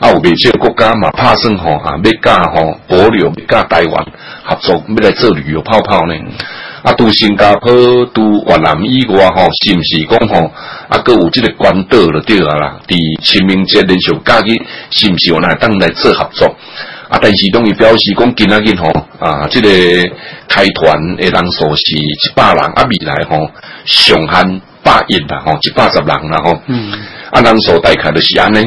啊！未即個國家嘛，拍算吼、哦，啊，要加吼、哦，保留，要加台灣合作，要來做旅遊泡泡呢？啊！拄新加坡拄越南以外吼、哦，是毋是講吼、哦，啊！擱有即個管道佇叨啊啦，佇清明節連續假期，是毋是有哪會通來做合作？啊！但是當佢表示講，今仔日吼，啊！即、這個開團誒人數是一百人，啊未來吼、哦，上限百人啦，吼、哦，一百十人啦、哦，嗬、嗯，啊人數大概著是安尼。